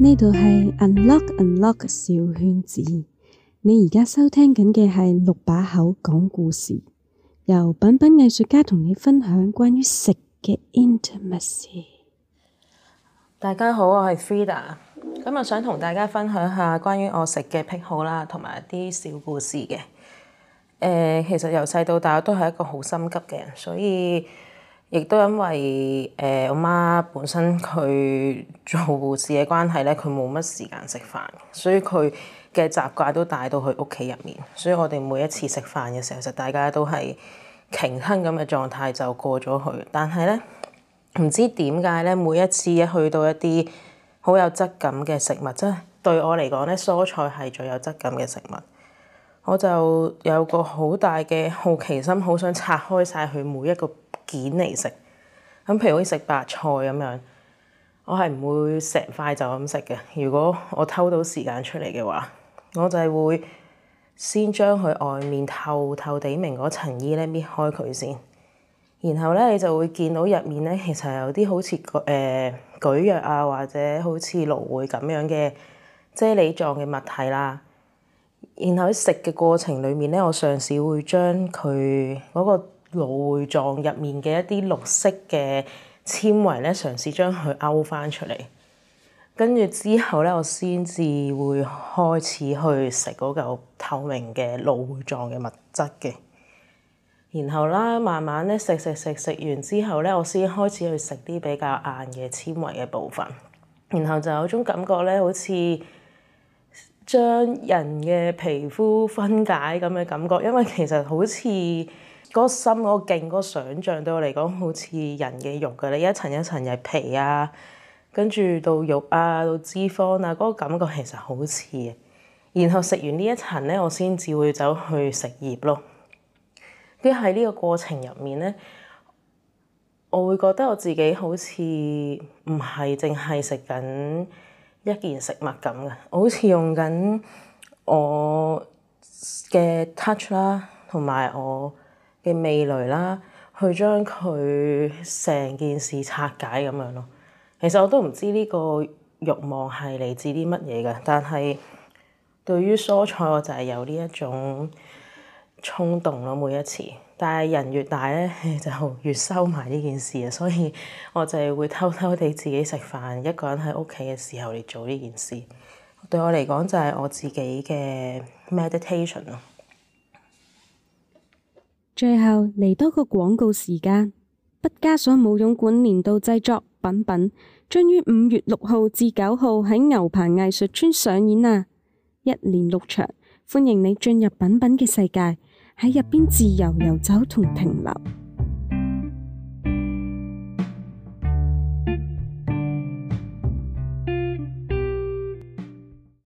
呢度係 Unlock Unlock 小圈子，你而家收聽緊嘅係六把口講故事，由品品藝術家同你分享關於食嘅 intimacy e。大家好，我係 Frieda，咁我想同大家分享下關於我食嘅癖好啦，同埋啲小故事嘅。誒、呃，其實由細到大我都係一個好心急嘅人，所以。亦都因為誒、呃、我媽本身佢做護士嘅關係咧，佢冇乜時間食飯，所以佢嘅習慣都帶到去屋企入面。所以我哋每一次食飯嘅時候，其實大家都係懲哼咁嘅狀態就過咗去。但係咧，唔知點解咧，每一次一去到一啲好有質感嘅食物，真、就、係、是、對我嚟講咧，蔬菜係最有質感嘅食物。我就有個好大嘅好奇心，好想拆開晒佢每一個件嚟食。咁譬如好似食白菜咁樣，我係唔會成塊就咁食嘅。如果我偷到時間出嚟嘅話，我就係會先將佢外面透透地明嗰層衣咧搣開佢先，然後咧你就會見到入面咧其實有啲好似個誒蒟蒻啊或者好似蘆薈咁樣嘅啫喱狀嘅物體啦。然後喺食嘅過程裏面咧，我嘗試會將佢嗰個蘆薈狀入面嘅一啲綠色嘅纖維咧，嘗試將佢勾返出嚟。跟住之後咧，我先至會開始去食嗰嚿透明嘅蘆薈狀嘅物質嘅。然後啦，慢慢咧，食食食食完之後咧，我先開始去食啲比較硬嘅纖維嘅部分。然後就有種感覺咧，好似～將人嘅皮膚分解咁嘅感覺，因為其實好似嗰、嗰個心個勁、嗰個勁、嗰個想像對我嚟講，好似人嘅肉㗎咧，一層一層嘅皮啊，跟住到肉啊，到脂肪啊，嗰、嗰個感覺其實好似嘅。然後食完一層呢一層咧，我先至會走去食葉咯。跟喺呢個過程入面咧，我會覺得我自己好似唔係淨係食緊。一件食物咁嘅，我好似用緊我嘅 touch 啦，同埋我嘅味蕾啦，去將佢成件事拆解咁樣咯。其實我都唔知呢個慾望係嚟自啲乜嘢嘅，但係對於蔬菜我就係有呢一種衝動咯，每一次。但係人越大咧，就越收埋呢件事啊，所以我就係會偷偷地自己食飯，一個人喺屋企嘅時候嚟做呢件事。對我嚟講，就係我自己嘅 meditation 咯。最後嚟多個廣告時間，不加鎖舞踊館年度製作品品將於五月六號至九號喺牛棚藝術村上演啊！一連六場，歡迎你進入品品嘅世界。喺入邊自由遊走同停留。